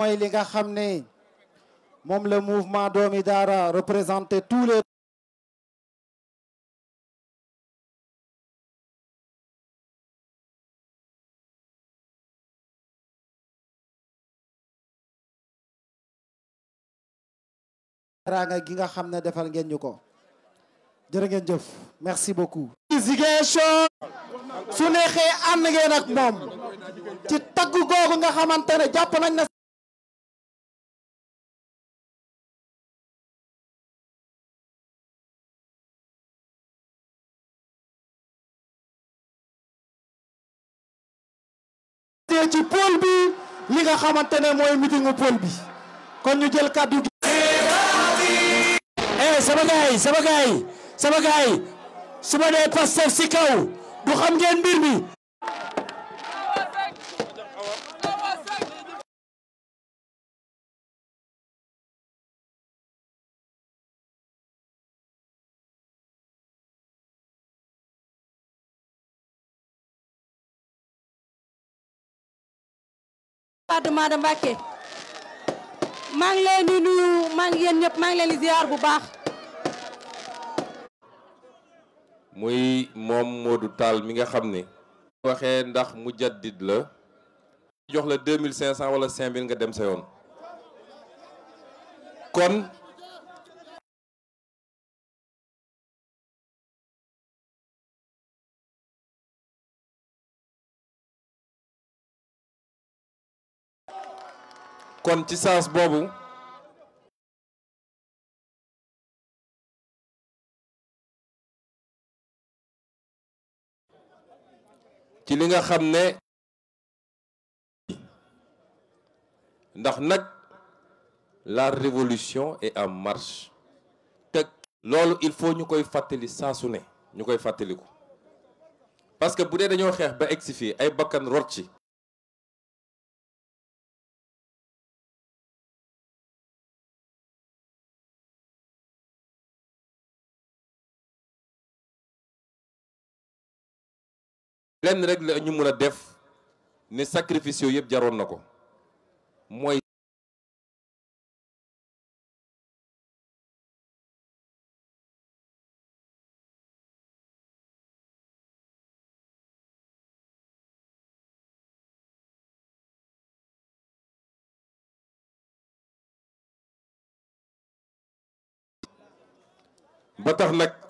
mooy li nga xam ne moom le mouvement doomi daara représenté tous les teraanga gi nga xam ne defal ngeen ñu ko jërë ngeen merci beaucoup Ziguinchor su neexee ànd ngeen ci tagg googu nga xamante ne génnee ci pôle bi li nga xamante ne mooy meetingu pôle bi kon ñu jël kàddu gi. eh sama gaay sama gaay sama gaay ma nee si kaw du xam ngeen mbir mi. département de Mbacké maa ngi leen di nuyu maa ngi yéen ñëpp leen di bu baax. muy moom Modou Tall mi nga xam ne. waxee ndax mu mujaddid la. jox la deux mille cinq cent wala cinq mille nga dem sa yoon. kon. kon ci saas boobu ci li nga xam ne ndax nag la révolution et am marche teg loolu il faut ñu koy fàttali saa su ne ñu koy fàttaliku parce que bu dee dañoo xeex ba egsi fii ay bakkan rot ci lenn rek la ñu mën a def ne sacrifice yooyu yëpp jaroon na ko mooy ba tax nag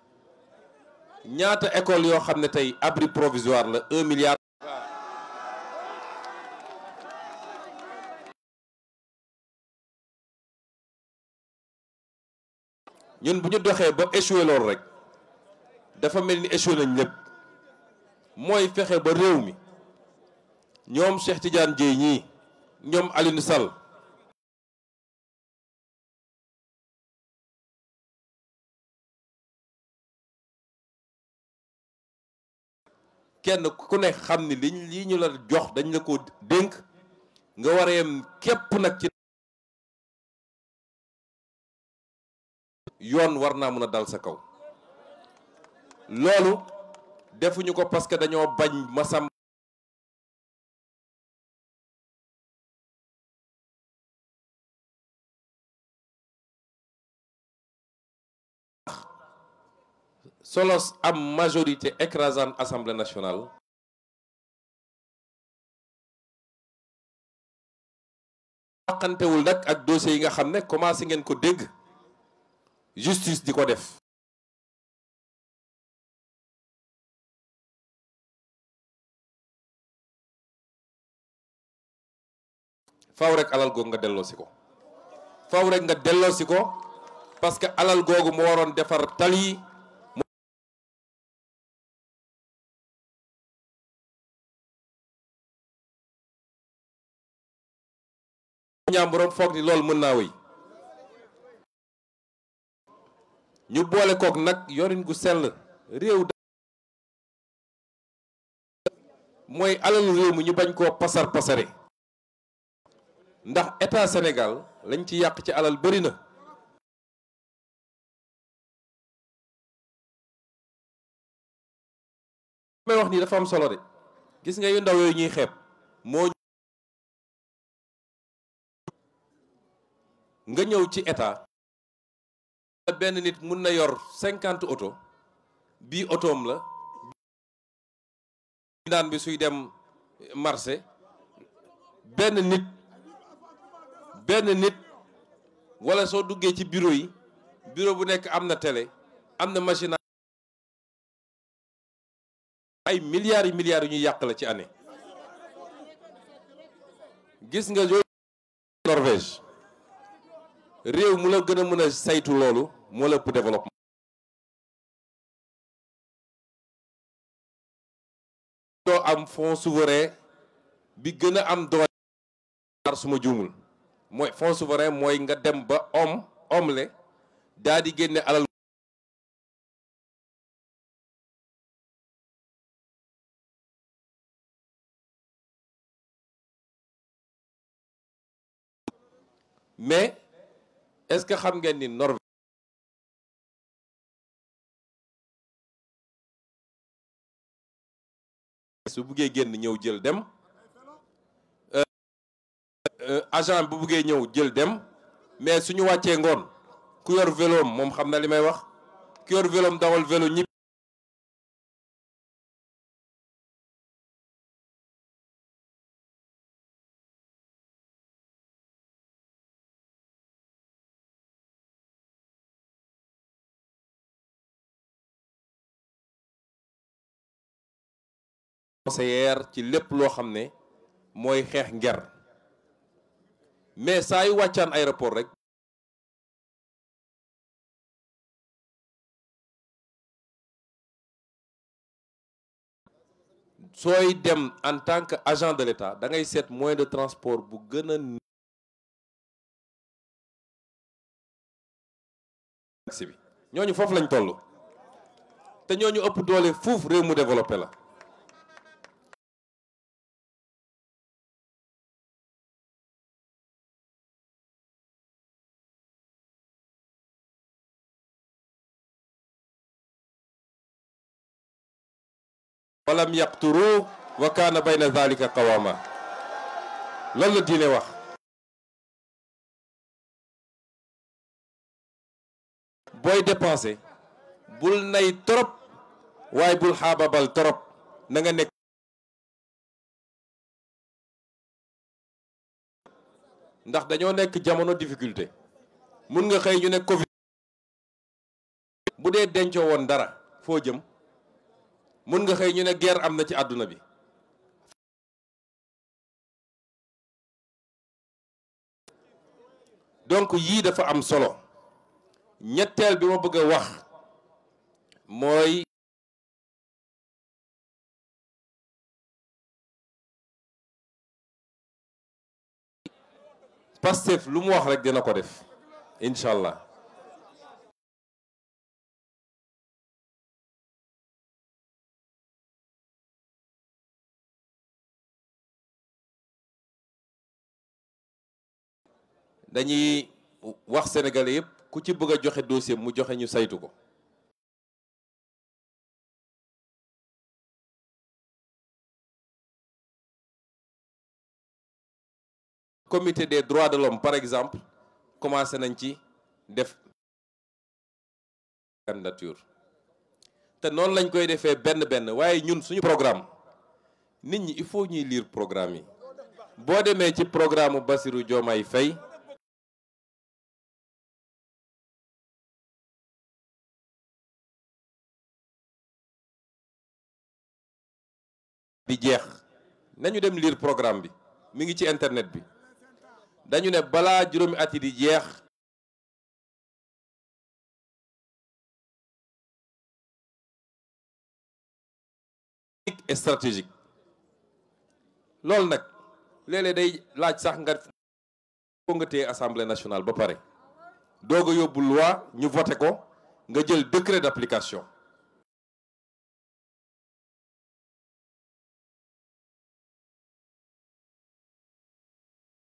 ñaata école yoo xam ne tey abri provisoire la un milliard. ñun bu ñu doxee ba échoué loolu rek dafa mel ni échoué lépp mooy fexe ba réew mi ñoom Cheikh Tidiane Dièye ñii ñoom Alioune Sall. kenn ku ne xam ni liñ lii ñu la jox dañ la ko dénk nga war képp nag ci yoon war naa mun a dal sa kaw loolu defuñu ko parce que dañoo bañ masam solos am majorité écrasante assemblée nationale waxantewul nag ak dossiers yi nga xam ne commencé ngeen ko dégg justice di ko def faw rek alal googu nga delloo ko faw rek nga delloo si ko parce que alal googu mu waroon defar tali njàmburam foog loolu mën naa wéy ñu boole kook nag yorin gu sell réew mooy alalu réew mi ñu bañ koo pasar pasare ndax état Sénégal lañ ci yàq ci alal bëri na may wax nii am solo de gis nga yu nga ñëw ci état benn nit mën na yor cinquante oto bii otoom la daan bi suy dem marché benn nit benn nit wala soo duggee ci bureau yi bureau bu nekk am na tele am na machine ay milliards yi yu ñuy yàq la ci année gis nga yooyu réew mu la gën a mën saytu loolu moo la ëpp développement. doo am fonds souverain bi gën a am doole ar suma juumul mooy fonds souverain mooy nga dem ba om om le daa di génne alal mais est-ce que xam ngeen ni Norvège su buggee génn ñëw jël dem euh, euh, agent bu buggee ñëw jël dem mais suñu wàccee ngoon ku yor véloom moom xam na li may wax ku yor véloom dawal vélo ñibbi conseiller ci lépp loo xam ne mooy xeex nger mais saa yu wàccaan aéroport rek sooy dem en tant que agent de l'État da ngay seet moyen de transport bu gën a taxi bi ñooñu foofu lañ toll te ñooñu ëpp doole fuuf réew mu développé la falam yaqturu wa kaana bayna dhalika qawama loolu la diine wax booy dépenser bul nay trop waaye bul xaababal trop na nga nekk ndax dañoo nekk jamono difficulté mun nga xëy ñu ne covid bu dee dencoo woon dara foo jëm mën nga xëy ñu ne guerre am na ci àdduna bi donc yii dafa am solo ñetteel bi ma bëgg wax mooy Pastef lu mu wax rek dina ko def incha allah dañuy wax sénégalais yëpp ku ci bëgg a joxe dossier mu joxe ñu saytu ko comité des droits de l'homme par exemple commencé nañ ci def candidature te noonu lañ koy defee benn benn waaye ñun suñu programme nit ñi il faut ñuy liir programme yi boo demee ci programme Bassirou Diomaye Faye jeex nañu dem liir programme bi mi ngi ci internet bi dañu ne balaa juróomi atti yi di jeex et stratégique loolu nag léeg day laaj sax nga foo nga téye assemblée nationale ba pare doog a yóbbu loi ñu voté ko nga jël décret d'application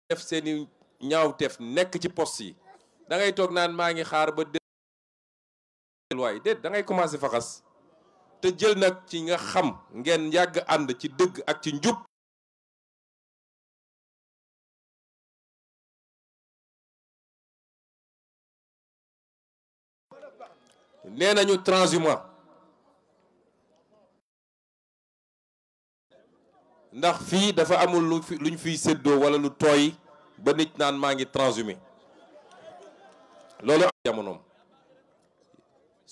def seeni ñaawteef nekk ci post yi da ngay toog naan maa ngi xaar ba déet waay déet da ngay commencé faxas te jël nag ci nga xam ngeen yàgg ànd ci dëgg ak ci njub nee nañu transhumant ndax fii dafa amul lu luñ fiy séddoo wala lu tooy ba nit naan maa ngi transhumé loolu jamonoom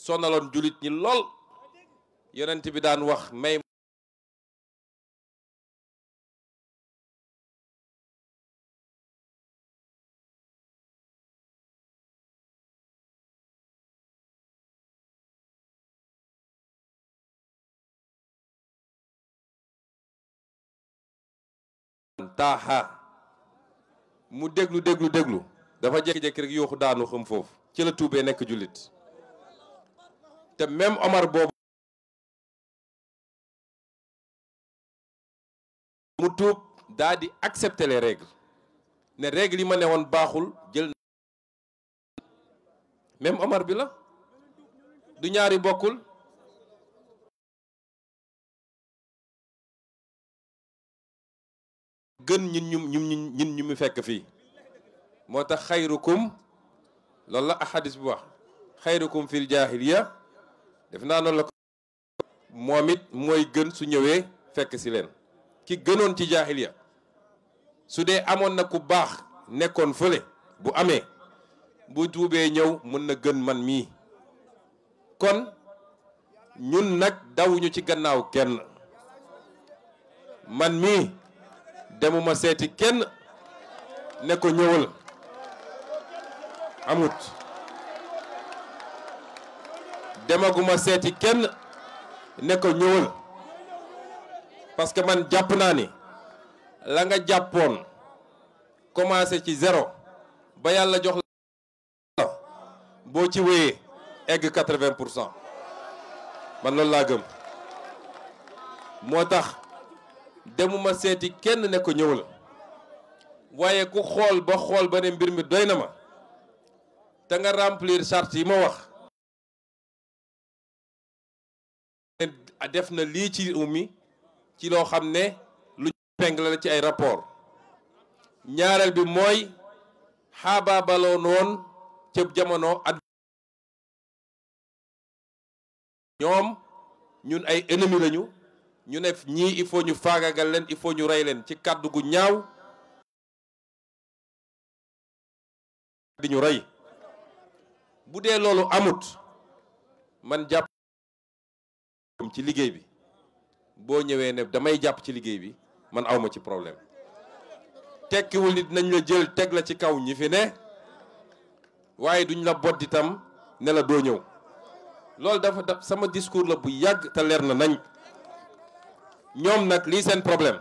sonaloon jullit ñi lool yonent bi daan wax may taaha mu déglu déglu déglu dafa jékki-jékki rek yooxu daanu xam foofu ci la tuubee nekk jullit te même Omar boobu mu tuub daa di accepter les règles ne règles yi ma ne woon baaxul jël même Omar bi la du ñaari bokkul gën ñun ñu ñun ñun ñu mu fekk fii moo tax xayrukum loolu la ahadis bu wax xayrukum fil jaahiliya def naa noonu la ko moom it mooy gën su ñëwee fekk si leen ki gënoon ci jaahiliya su dee amoon na ku baax nekkoon fële bu amee bu tuubee ñëw mën na gën man mii kon ñun nag dawuñu ci gannaaw kenn man mii demuma seeti kenn ne ko ñëwal amut demaguma seeti kenn ne ko ñëwal parce que man jàpp naa ni la nga jàppoon commencé ci zéro ba yàlla jox la boo ci wéyee egg quatre-vingt pour cent man loolu laa gëm moo tax demuma seeti kenn ne ko la waaye ku xool ba xool ba ne mbir mi doy na ma te nga remplir charte yi ma wax def na lii ci réew mi ci loo xam ne lu pengle la ci ay rapport ñaareel bi mooy xaabaabaloon woon ca jamono at ñoom ñun ay ennemi lañu ñu ne ñii il faut ñu faagagal leen il faut ñu rey leen ci kàddu gu ñaaw di ñu rey bu dee loolu amut man jàpp ci liggéey bi boo ñëwee ne damay jàpp ci liggéey bi man awma ci problème tekkiwul nit nañ la jël teg la ci kaw ñi fi ne waaye duñ la bodd itam nela doo ñëw loolu dafa daf sama discours la bu yàgg te leer na nañ ñoom nag lii seen problème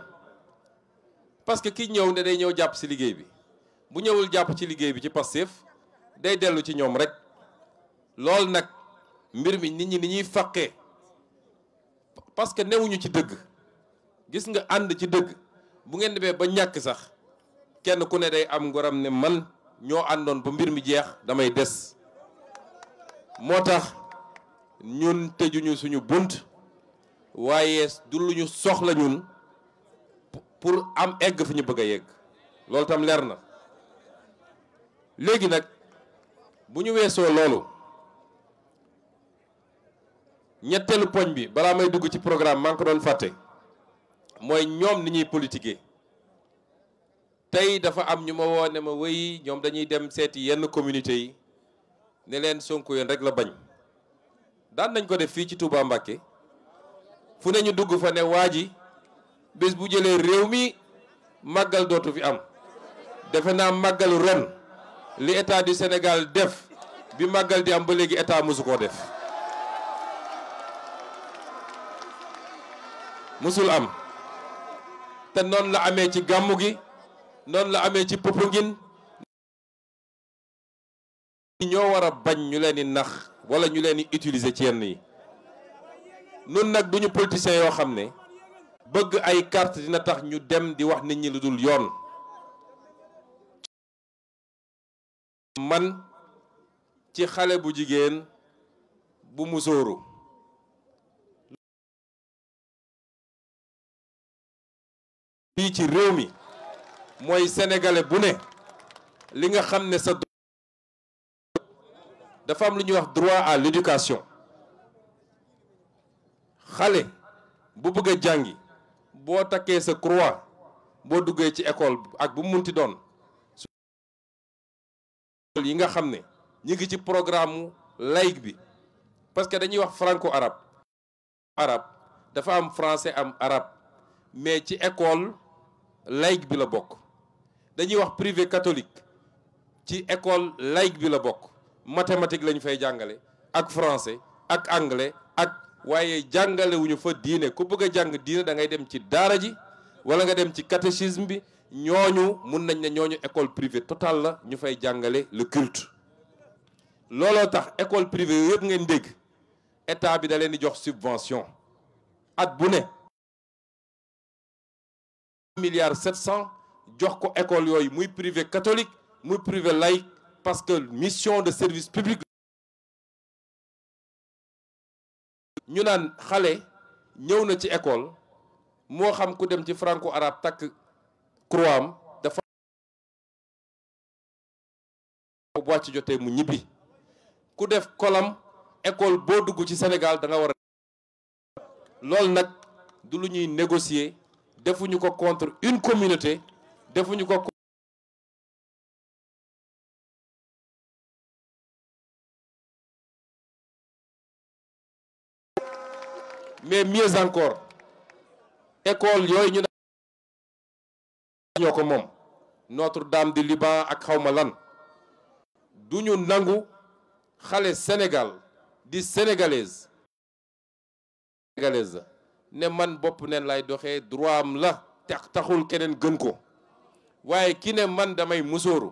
parce que ki ñëw ne day ñëw jàpp ci liggéey bi bu ñëwul jàpp ci liggéey bi ci Pastef day dellu ci ñoom rek loolu nag mbir mi nit ñi ni ñuy faqee parce que newuñu ci dëgg gis nga ànd ci dëgg bu ngeen demee ba ñàkk sax kenn ku ne day am ngorom ne man ñoo àndoon ba mbir mi jeex damay des moo tax ñun tëjuñu suñu bunt waaye du lu ñu soxla ñun pour am egg fi ñu bëgg a yegg loolu tam leer na léegi nag bu ñu weesoo loolu ñetteelu poñ bi balaa may dugg ci programme maa ngi ko doon fàtte mooy ñoom ni ñuy politiquer tey dafa am ñu ma woo ne ma wéy ñoom dañuy dem seeti yenn communauté yi ne leen Sonko yoon rek la bañ daan nañ ko def fii ci Touba Mbacké fu ne ñu dugg fa ne waa ji bés bu jëlee réew mi màggal dootu fi am defe naa màggalu ren li état du senegal def bi màggal di am ba léegi état mosu koo def mosul am te noon la amee ci gàmmu gi noonu la amee ci Popenguine ñoo war a bañ ñu leen di nax wala ñu leen di utiliser ci yenn yi nun nag duñu politiciens yoo xam ne bëgg ay carte dina tax ñu dem di wax nit ñi lu dul yoon man ci xale bu jigéen bu musóoru fii ci réew mi mooy sénégalais bu ne li nga xam ne sa dafa am lu ñuy wax droit à l'éducation xale bu bëgg a jàngi boo takkee sa croix boo duggee ci école ak bu mu munti doon yi nga xam ne ñu ngi ci programme laïque bi parce que dañuy wax franco arabe arabe dafa am français am arabe mais ci école laïque bi la bokk dañuy wax privé catholique ci école laïque bi la bokk mathématique lañ fay jàngale ak français ak anglais ak waaye jàngalewuñu fa diine ku bëgg a jàng diine dangay dem ci daara ji wala nga dem ci catéchisme bi ñooñu mun nañ ne ñooñu école privée totale la ñu fay jàngale le culte looloo tax école privée yooyu yëpp ngeen dégg état bi da leen di jox subvention at bu ne milliard sept cent jox ko école yooyu muy privé catholique muy privé laïque parce que mission de service public ñu naan xale ñëw na ci école moo xam ku dem ci franco arabe takk croix am dafa bu wàcc jotee mu ñibbi ku def kolam école boo dugg ci Sénégal da nga war a loolu nag du lu ñuy négocier defuñu ko contre une communauté defuñu ko mais mieux encore école yooyu ñu ñoo ko moom Notre Dame du Liban ak xawma lan du ñu nangu xale Sénégal di sénégalaise sénégalaise ne man bopp neen lay doxee droit am la tax taxul keneen gën ko waaye ki ne man damay musóoru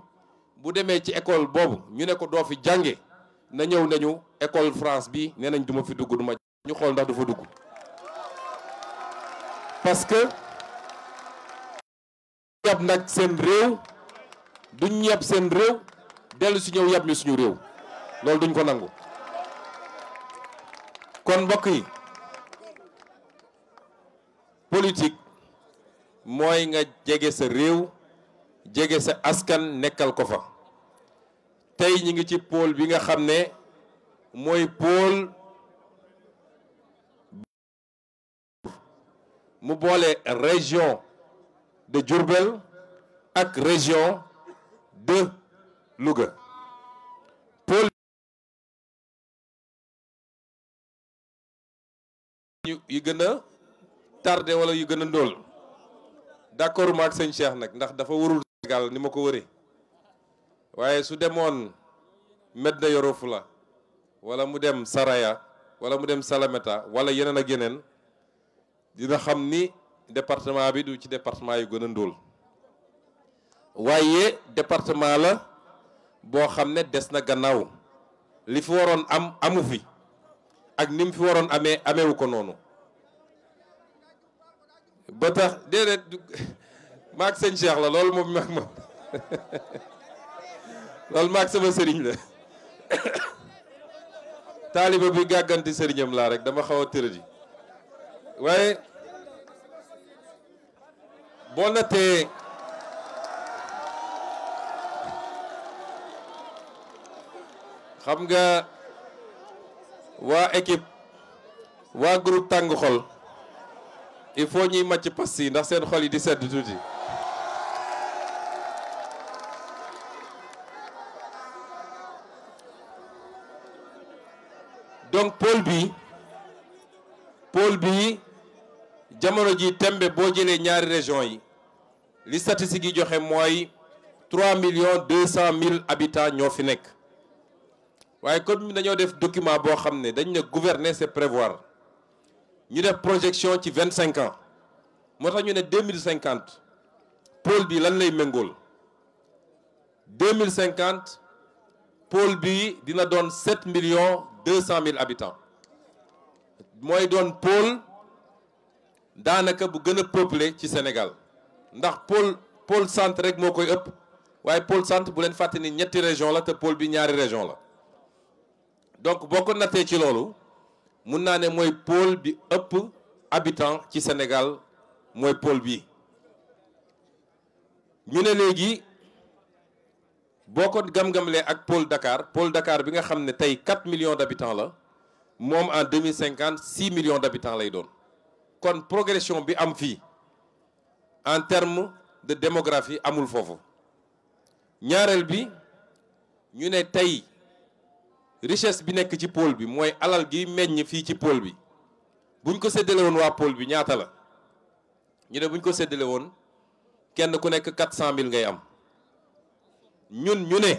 bu demee ci école boobu ñu ne ko doo fi jànge na ñëw nañu école France bi nee nañ duma fi dugg duma ñu xool ndax du fa dugg parce que yab nag seen réew duñ yab seen réew dellu si ñëw yab ñu suñu réew loolu duñ ko nangu kon mbokk yi politique mooy nga jege sa réew jege sa askan nekkal ko fa tey ñi ngi ci pôle bi nga xam ne mooy pôle mu boole région de Diourbel ak région de Louga pôle yu gën a tardé wala yu gën a ndóol d'accord ma ak sëñ Cheikh nag ndax dafa warul Sénégal ni ma ko wëree waaye su demoon Medina Yoro Fula wala mu dem Saraya wala mu dem Salemata wala yeneen ak yeneen dina xam ni département bi du ci département yu gën a ndóol waaye département la boo xam ne des na gannaaw li fi waroon am amu fi ak ni fi waroon amee ameewu ko noonu ba tax déedéet maag sëñ Cheikh la lool moom maag moom loolu maag sama sëriñ la taaliba bi gàgganti sëriñam laa rek dama xaw a tëradi waaye boo nattee xam nga waa équipe waa groupe tàng xol il faut ñuy màcc pass yi ndax seen xol yi di sedd tuuti donc pôle bi pôle bi jamono ji tembe boo jëlee ñaari région yi li statistique yi joxe mooy trois millions deux cent mille habitants ñoo fi nekk waaye comme dañoo def document boo xam ne dañu ne gouverner c'est prévoir ñu def projection ci vingt cinq ans moo tax ñu ne deux mille cinquante pôle bi lan lay méngool deux mille cinquante pôle bi dina doon sept millions deux cent mille habitants mooy doon pôle daanaka bu gën a peuplé ci Sénégal ndax pôle pôle centre rek moo koy ëpp waaye pôle sant bu leen fàtte ni ñetti région la te pôle bi ñaari région la donc boo ko nattee ci loolu mun naa ne mooy pôle bi ëpp habitant ci Sénégal mooy pôle bi ñu ne léegi boo ko gam-gamlee ak pôle Dakar pôle Dakar bi nga xam ne tey 4 millions d'habitants la moom en 2050 6 millions d'habitants lay doon kon progression bi am fii en terme de démographie amul foofu ñaareel bi ñu ne tey richesse bi nekk ci pôle bi mooy alal gi meññ fii ci pôle bi buñ ko séddale waa pôle bi ñaata la ñu ne buñ ko séddale woon kenn ku nekk cent mille ngay am ñun ñu ne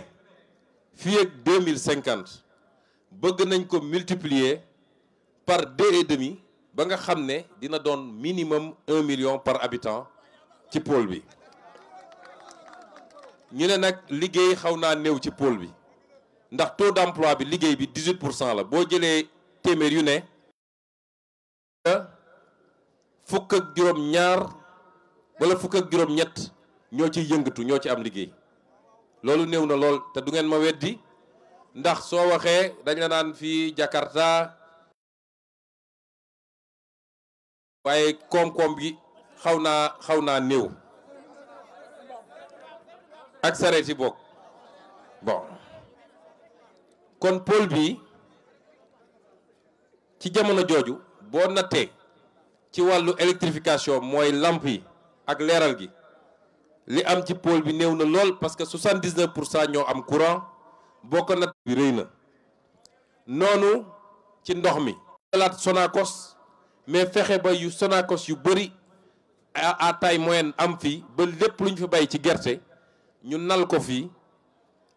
fii ak 2050 bëgg nañ ko multiplier par deux et demi ba nga xam ne dina doon minimum un million par habitant ci pôle bi ñu ne nag liggéey xaw naa néew ci pôle bi ndax taux d'emploi bi liggéey bi 18 pour cent la boo jëlee téeméer yu ne fukk ak wala fukk ak juróom-ñett ñoo ci yëngatu ñoo ci am liggéey loolu néew na lool te du ngeen ma weddi ndax soo waxee dañ la naan fii Jakarta waaye koom-koom gi xaw naa xaw naa néew ak sareet yi bokk bon kon pôle bi ci jamono jooju boo nattee ci wàllu électrification mooy lamp yi ak leeral gi li am ci pôle bi néew na lool parce que 79 pour cent ñoo am courant bokk ko natt bi rëy na noonu ci ndox mi laat Sonacos mais fexe ba yu sonakos yu bëri à taille moyenne am fii ba lépp lu ñu fi bay ci gerte ñu nal ko fii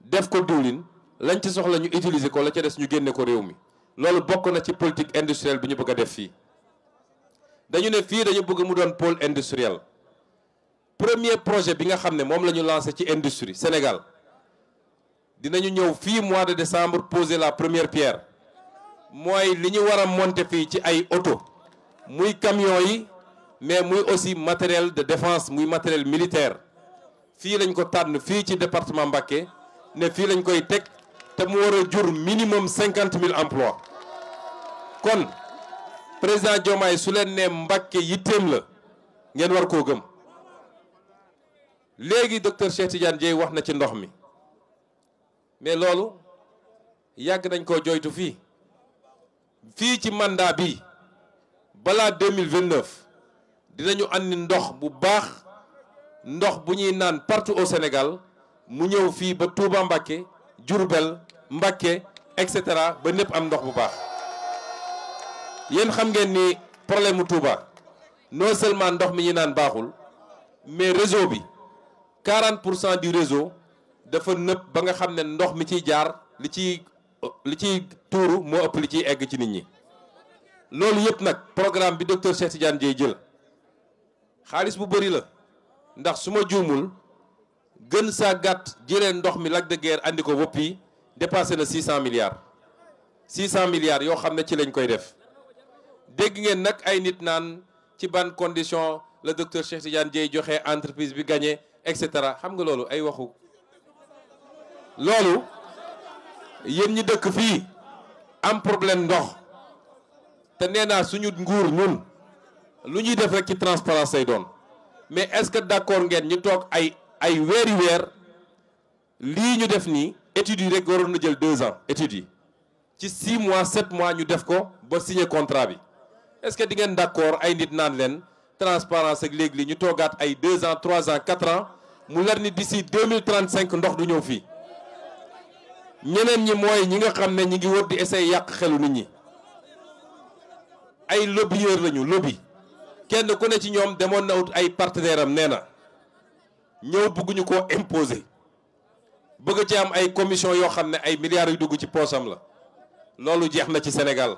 def ko diwlin lañ ci soxla ñu utiliser ko la ca des ñu génne ko réew mi loolu bokk na ci politique industrielle bi ñu bëgg a def fii dañu ne fii dañu bëgg mu doon pôle industriel premier projet bi nga xam ne moom la ñu lancé ci industrie Sénégal dinañu ñëw fii mois de décembre poser la première pierre mooy li ñu war a monter fii ci ay oto muy camion yi mais muy aussi matériel de défense muy matériel militaire fii lañ ko tànn fii ci département Mbacké ne fii lañ koy teg te mu war a jur minimum cinquante mille emplois kon président Diomaye su leen ne Mbacké yitteem la ngeen war koo gëm léegi docteur Cheikh Tidiane Dieye wax na ci ndox mi mais loolu yàgg nañ ko joytu fii fii ci mandat bi balaa 2029 dinañu andi ndox bu baax ndox bu ñuy naan partout au Sénégal mu ñëw fii ba Touba Mbacké Diourbel Mbacké et cetera ba ñëpp am ndox bu baax yéen xam ngeen ni problème mu Touba non seulement ndox mi ñu naan baaxul mais réseau bi 40 pour cent du réseau dafa nëb ba nga xam ne ndox mi ciy jaar li ciy li ciy tuuru moo ëpp li ciy egg ci nit ñi loolu yépp nag programme bi docteur Cheikh Tidiane jël xaalis bu bëri la ndax su ma juumul gën saa gàtt jëlee ndox mi Lac de Guiers andi ko wopp yi dépassé na 600 milliards 600 milliards yoo xam ne ci lañ koy def dégg ngeen nag ay nit naan ci ban condition la docteur Cheikh Tidiane joxe entreprise bi gagné et cetera xam nga loolu ay waxu. loolu yéen ñi dëkk fii am problème ndox te nee naa suñu nguur ñun lu ñuy def rek ci transparence lay doon mais est-ce que d'accord ngeen ñu toog ay ay weeri weer lii ñu def nii études yi rek waroon na jël deux ans études yi ci six mois sept mois ñu def ko ba signer contrat bi est-ce que di ngeen d'accord ay nit naan leen transparence ak léegi li ñu toogaat ay deux ans trois ans quatre ans mu leer ni d'ici deux mille trente cinq ndox du ñëw fii ñeneen ñi mooy ñi nga xam ne ñi ngi wër di essayer yàq xelu nit ñi ay lobbyeur lañu lobby kenn ku ne ci ñoom demoon na ut ay partenaire am nee na ñëw bëgguñu koo imposer bëgg ci am ay commission yoo xam ne ay milliards yu dugg ci poosam la loolu jeex na ci senegal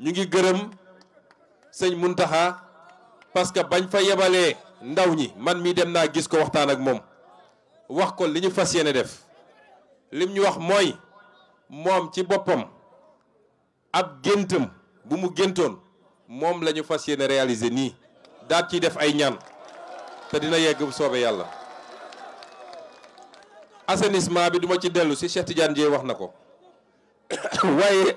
ñu ngi gërëm sëñ Muntaxa parce que bañ fa yebalee ndaw ñi man mii dem naa gis ko waxtaan ak moom wax ko li ñu fas yéene def lim ñu wax mooy moom ci boppam ab géntam bu mu géntoon moom la ñu fas yéene réaliser nii daat ciy def ay ñaan te dina yegg bu soobee yàlla assainissement bi duma ci dellu si Cheikh Tidiane Dièye wax na ko waaye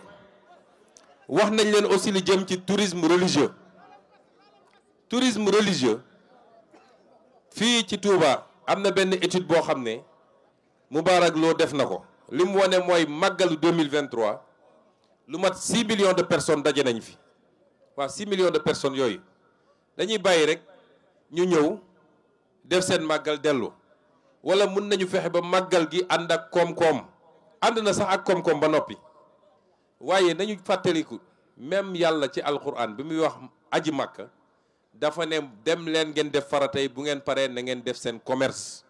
wax nañ leen aussi lu jëm ci tourisme religieux tourisme religieux fii ci Touba am na benn étude boo xam ne Moubarak Lo def na ko li mu wane mooy màggalu 2023 lu mat 6 million de personnes daje nañ fi waa 6 millions de personnes yooyu dañuy bàyyi rek ñu ñëw def seen màggal dellu wala mun nañu fexe ba màggal gi ànd ak koom-koom ànd na sax ak koom-koom ba noppi waaye nañu fàttaliku même yàlla ci alquran bi muy wax aji màkka dafa ne dem leen ngeen def faratay bu ngeen paree na ngeen def seen commerce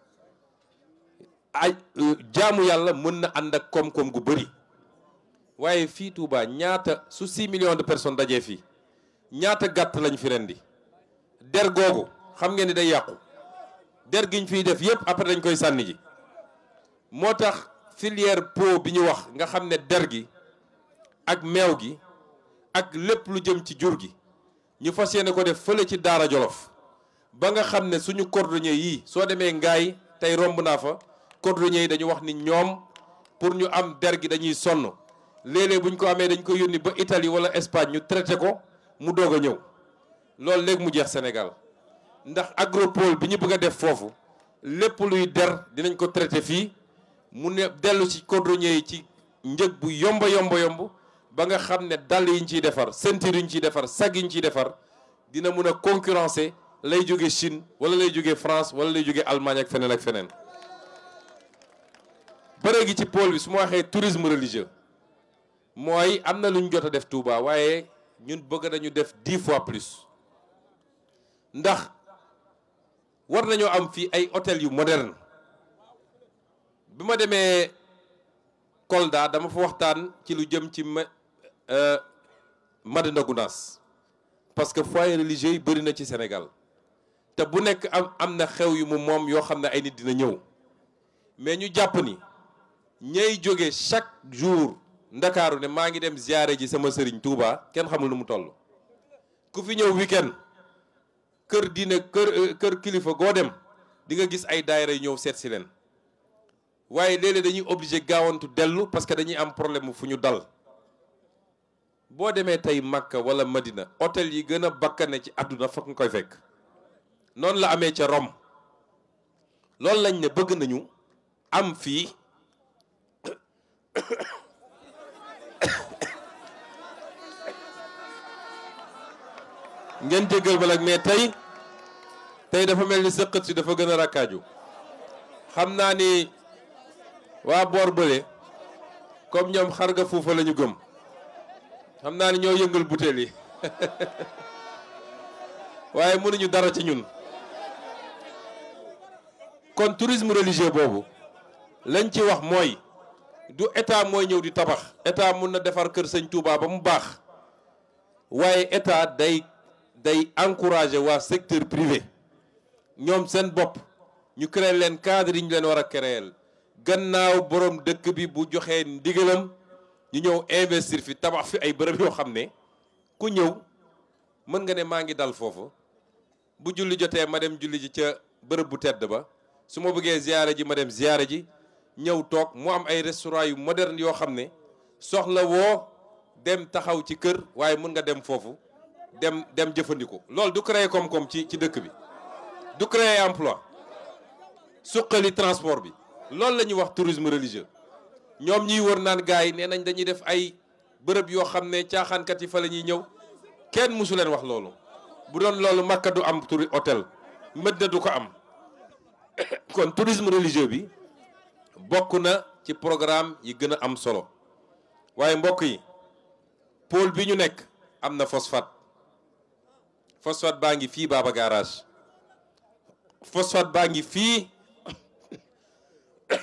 ay euh, jaamu yàlla mën na ànd ak koom-koom gu bëri waaye fii Touba ñaata su 6 million de personnes dajee fii ñaata gàtt lañu fi rendi der googu xam ngeen ni day yàqu der giñ fiy def yépp après dañ koy sànni ji moo tax filière peau bi ñu wax nga xam ne der gi ak meew gi ak lépp lu jëm ci jur gi ñu fas yéene ko def fële ci daara jolof ba nga xam ne suñu cordonnier yii soo demee ngaay tey romb naa fa cordonniers yi dañu wax ni ñoom pour ñu am der gi dañuy sonn léeg buñ ko amee dañ ko yónni ba itali wala Espagne ñu traité ko mu doog a ñëw loolu léegi mu jeex Sénégal ndax agropole bi ñu bëgg def foofu lépp luy der dinañ ko traité fii mu ne dellu ci cordonniers yi ci njëg bu yomba yomba yomb ba nga xam ne dàll yi ñu ciy defar ceinture yi ñu ciy defar sag yi ñu ciy defar dina mun a concurrencer lay jóge Chine wala lay jóge France wala lay jóge Allemagne ak ak feneen pare gi ci pôle bi su ma waxee tourisme religieux mooy am na lu ñu jot def Touba waaye ñun bëgg nañu def di fois plus ndax war nañoo am fii ay hôtel yu moderne bi ma demee Kolda dama fa waxtaan ci lu jëm ci euh, Madina Gounass parce que foyer religieux yi bëri na ci Sénégal te bu nekk am am na xew yu mu moom yoo xam ne ay nit dina ñëw mais ñu jàpp ni ñay jóge chaque jour ndakaaru ne maa ngi dem ziare ji sama sëriñ Touba kenn xamul nu mu toll ku fi ñëw weekend kër diine kër euh, kër kilifa goo dem di nga gis ay daayira yu ñëw seet si leen waaye léeg-léeg dañuy obligé gaawantu dellu parce que dañuy am problème fu ñu dal boo demee tey Makka wala Madina hôtel yi gën a bakkane ci àdduna foog nga koy fekk noonu la amee ca Rome loolu lañ ne bëgg nañu am fii ngeen jéggal ba nag mais tey tey dafa mel ni sëqët si dafa gën a rakkaaju xam naa ni waa boor bële comme ñoom xar nga fuufa la ñu gëm xam naa ni ñoo yëngal butéel yi waaye mënuñu dara ci ñun kon tourisme religieux boobu lañ ci wax mooy du état mooy ñëw di tabax état mun na defar kër sañ Touba ba mu baax waaye état day day encourager waa secteur privé ñoom seen bopp ñu créer leen cadre yi leen war a créer gannaaw borom dëkk bi bu joxee ndigalam ñu ñëw investir fi tabax fi ay bërëb yoo xam ne ku ñëw mën nga ne maa ngi dal foofu bu julli jotee ma dem julli ji ca bërëb bu tedd ba su ma bëggee ziyaare ji ma dem ziyaare ji ñëw toog mu am ay restaurant yu moderne yoo xam ne soxla woo dem taxaw ci kër waaye mën nga dem foofu dem dem jëfandikoo loolu du créer koom-koom ci ci dëkk bi du créer emploi suqali transport bi loolu la ñuy wax tourisme religieux ñoom ñiy wër naan gars yi nee nañ dañuy def ay bërëb yoo xam ne caaxaankat yi fa la ñuy ñëw kenn mësu wax loolu bu doon loolu Makka du am turi hôtel Medina du ko am kon tourisme religieux bi bokk na ci programme yi gën a am solo waaye mbokk yi pôle bi ñu nekk am na phosphate phosphate baa ngi fii Baba Garage phosphate baa ngi fii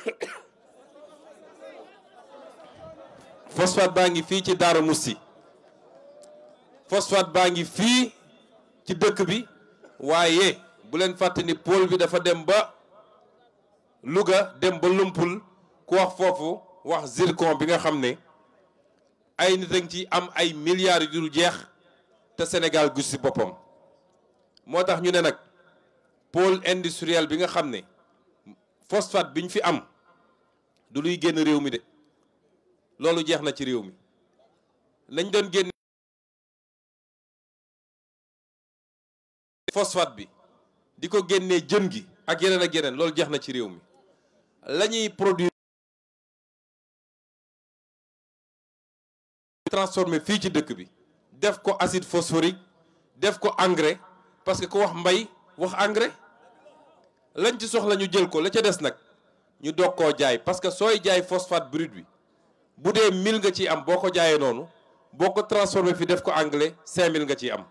phosphate baa ngi fii ci Darou Moussi phosphate baa ngi fii ci dëkk bi waaye bu leen fàtte ni pôle bi dafa dem ba Louga dem ba Lumpul ku wax foofu wax zircon bi nga xam ne ay nit a ci am ay milliards yu dul jeex te Sénégal gu si boppam moo tax ñu ne nag pôle industriel bi nga xam ne phosphate bi ñu fi am du génn réew mi de loolu jeex na ci réew mi lañ doon génn phosphate bi di ko génnee jën gi ak yeneen ak yeneen loolu jeex na ci réew mi la ñuy produire transformé fii ci dëkk bi def ko acide phosphorique def ko engrais parce que ku wax mbay wax engrais lañ ci soxla ñu jël ko la ca des nag ñu doog koo jaay parce que sooy jaay phosphate brut bi bu dee 1000 nga ci am boo ko jaayee noonu boo ko transformé fi def ko engrais 5000 nga ciy am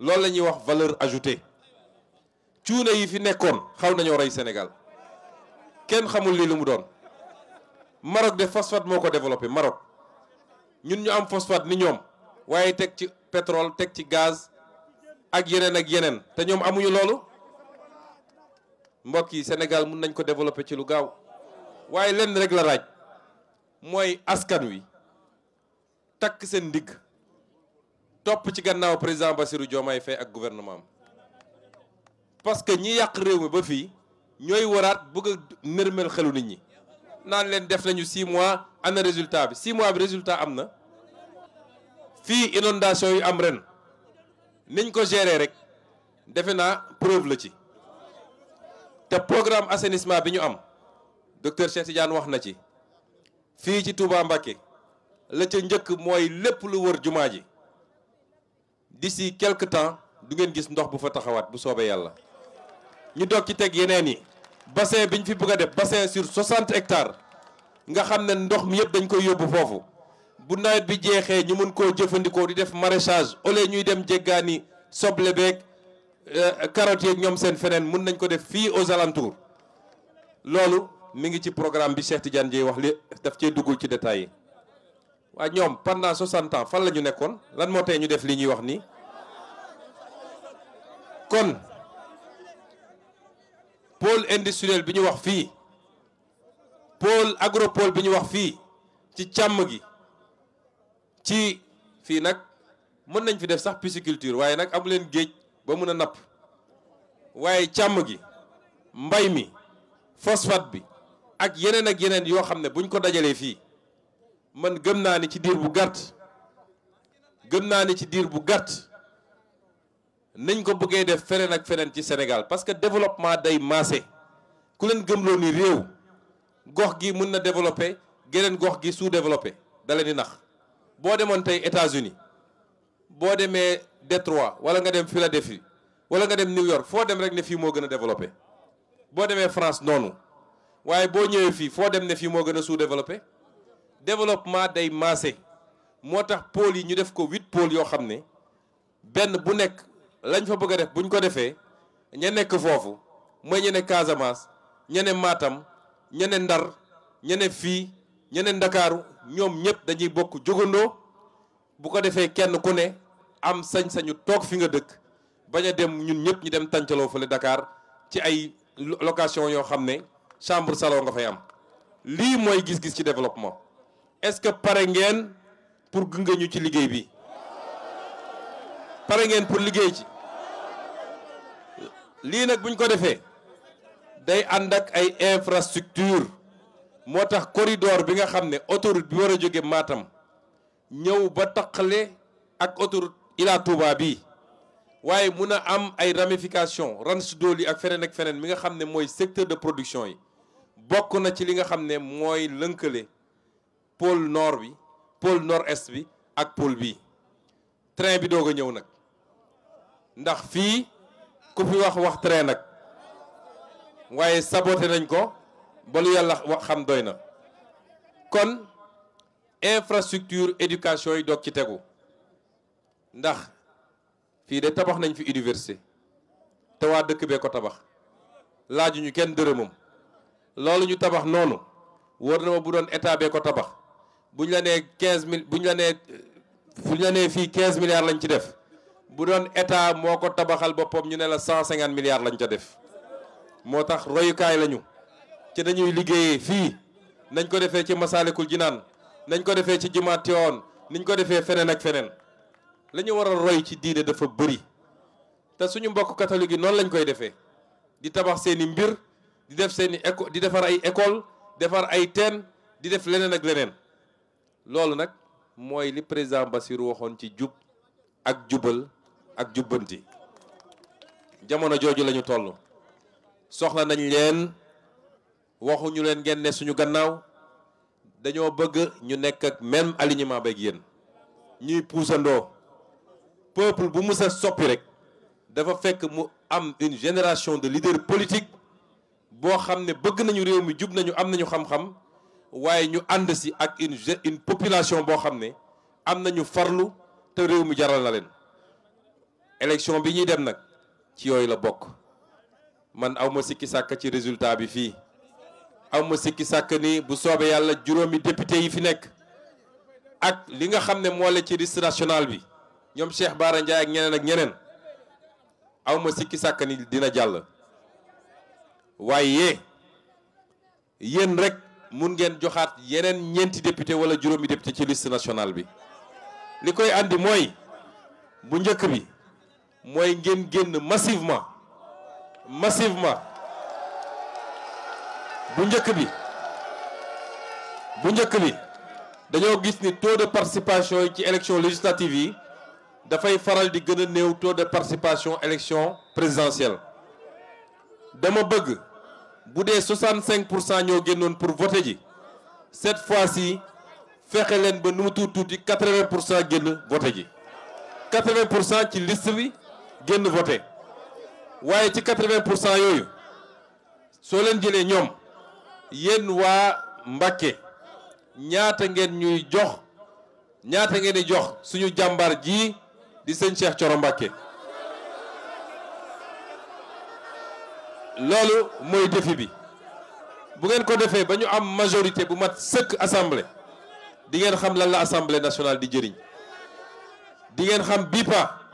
loolu la ñuy wax valeur ajoutée cuune yi fi nekkoon xaw nañoo rey Sénégal kenn xamul lii lu mu doon Maroc de phosphate moo ko développé Maroc ñun ñu am phosphate ni ñoom waaye teg ci pétrole teg ci gaz ak yeneen ak yeneen te ñoom amuñu loolu mbokk yi Sénégal mun nañ ko développé ci lu gaaw waaye lenn rek la raaj mooy askan wi takk seen ndigg topp ci gannaaw président Bassirou Diomaye Faye ak gouvernement am parce que ñi yàq réew mi ba fii ñooy waraat bëgg a nërmel xelu nit ñi naan leen def nañu six mois ana résultat bi six mois bi résultat am na fii inondation yu am ren niñ ko gérer rek defe naa preuve la ci te programme assainissement bi ñu am docteur Cheikh Tidiane wax na ci fii ci Touba Mbacké la ca njëkk mooy lépp lu wër jumaa ji di si quelque temps du ngeen gis ndox bu fa taxawaat bu soobee yàlla ñu doog ci teg yeneen yi bassin bi ñu fi bëgg a def bassin sur 60 hectares nga xam ne ndox mi yëpp dañ koy yóbbu foofu bu nawet bi jeexee ñu mën koo jëfandikoo di def maraîchage au ñuy dem jéggaani soble beeg euh, carottes yeeg ñoom seen feneen mun nañ ko def fii aux alentours loolu mu ngi ci programme bi Cheikh Tidiane jee wax li daf cee duggul ci détails yi waa ñoom pendant 60 ans fan la ñu nekkoon lan moo tey ñu def lii ñuy wax nii kon pôle industriel bi ñu wax fii pôle agropole bi ñu wax fii ci càmm gi ci fii nag mën nañ fi def sax culture waaye nag amu leen géej ba mën a napp waaye càmm gi mbay mi phosphate bi ak yeneen ak yeneen yoo xam ne buñ ko dajalee fii mën gëm naa ni ci diir bu gàtt gëm naa ni ci diir bu gàtt nañ ko bëggee def feneen ak feneen ci Sénégal parce que développement day maase ku leen loo ni réew gox gi mun na développé geneen gox gi sous-développé da leen nax boo demoon tey États-Unis boo demee Détroit wala nga dem Philadelphie wala nga dem New York foo dem rek ne fii moo gën a développé boo demee France noonu waaye boo ñëwee fii foo dem ne fii moo gën a sous-développé développement day maase moo tax pôles yi ñu def ko huit pole yoo xam ne benn bu nekk lañ fa bëgg a def buñ ko defee ña nekk foofu mooy ne Casamance ñene Matam ñene Ndar ñene fii ñene Ndakaaru ñoom ñëpp dañuy bokk jógandoo bu ko defee kenn ku ne am sañ-sañu toog fi nga dëkk bañ a dem ñun ñëpp ñu dem tàncaloo fële Dakar ci ay location yoo xam ne chambre salon nga fay am lii mooy gis-gis ci développement est-ce que pare ngeen pour gunge ñu ci liggéey bi pare ngeen pour liggéey ci lii nag buñ ko defee day ànd ak ay infrastructure moo tax corridor bi nga xam ne autoroute bi war a jóge maatam ñëw ba taqale ak autoroute Ila Touba bi waaye mun a am ay ramification rans dooli ak feneen ak feneen mi nga xam ne mooy secteur de production yi bokk na ci li nga xam ne mooy lënkale pôle nord bi pôle nord st bi ak pole bii train bi doog ñëw nag ndax fii ku fi wax wax train nag waaye saboté nañ ko ba lu yàlla xam doy na kon infrastructure éducation yi doog ci tegu ndax fii de tabax nañ fi université te waa dëkk bee ko tabax laaju ñu kenn dërëmam loolu ñu tabax noonu wóor na ma bu doon état bee ko tabax bu ñu la nee quinze mille bu ñu la bu ñu la nee fii quinze milliards lañ ci def bu doon état moo ko tabaxal boppam ñu ne la 150 milliards lañ ca def moo tax royukaay lañu ci dañuy liggéeyee fii nañ ko defee ci ji naan nañ ko defee ci jumaa Tiwaawan niñ ko defee feneen ak feneen la ñu war roy ci diine dafa bëri te suñu mbokk catholique yi noonu lañ koy defee di tabax seen i mbir di def seeni i di defar ay école defar ay teen di def leneen ak leneen loolu nag mooy li président Bassirou waxoon ci jub ak jubal ak jubbanti jamono jooju lañu toll soxla nañ leen waxuñu leen ngeen ne suñu gannaaw dañoo bëgg ñu nekk ak même alignement beeg yéen ñuy puusandoo peuple bu musa soppi rek dafa fekk mu am une génération de leaders politique boo xam ne bëgg nañu réew mi jub nañu am nañu xam-xam waaye ñu ànd si ak une une population boo xam ne am nañu farlu te réew mi jaral na leen élection bi ñuy dem nag ci yooyu la bokk man awma sikki sàkk ci résultat bi fii awma sikki sàkk ni bu soobee yàlla juróomi député yi fi nekk ak li nga xam ne moo ci liste national bi ñoom Cheikh Bara Ndiaye ak ñeneen ak ñeneen awma sikki sàkk ni dina jàll waaye yéen rek mun ngeen joxaat yeneen ñeenti député wala juróomi député ci liste national bi li koy andi mooy bu njëkk bi mooy ngeen génn massivement massivement bu njëkk bi bu njëkk bi dañoo gis ni taux de participation yi ci élection législative yi dafay faral di gën a néew taux de participation élection présidentielle dama bëgg bu dee 65 pour cent ñoo génnoon pour voter ji cette fois-ci fexe leen ba nu mu tuuti tuuti 80 pour cent génn voter ji 80 pour cent ci list bi. génn voté waaye ci quatre pour cent yooyu soo leen jëlee ñoom yéen waa Mbacké ñaata ngeen ñuy jox ñaata ngeen di jox suñu jàmbaar ji di sëñ Cheikh Thioro Mbacké loolu mooy défi bi bu ngeen ko defee ba ñu am majorité bu mat sëkk assemblée di ngeen xam lan la assemblée nationale di jëriñ di xam BIPA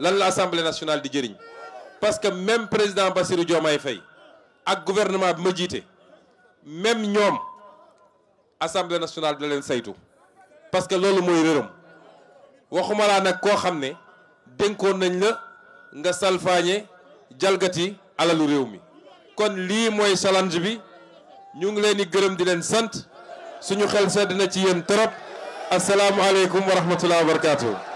lan la assemblée nationale di jëriñ parce que même président Bassirou Diomaye Faye ak gouvernement bi ma jiite même ñoom assemblée nationale da leen saytu parce que loolu mooy réeram waxuma laa nag koo xam ne dénkoon nañ la nga salfaañe jalgati alalu réew mi kon lii mooy challenge bi ñu ngi leen di gërëm di leen sant suñu xel sedd na ci yéen trop asalaamualeykum wa rahmatulah wa barakaatu.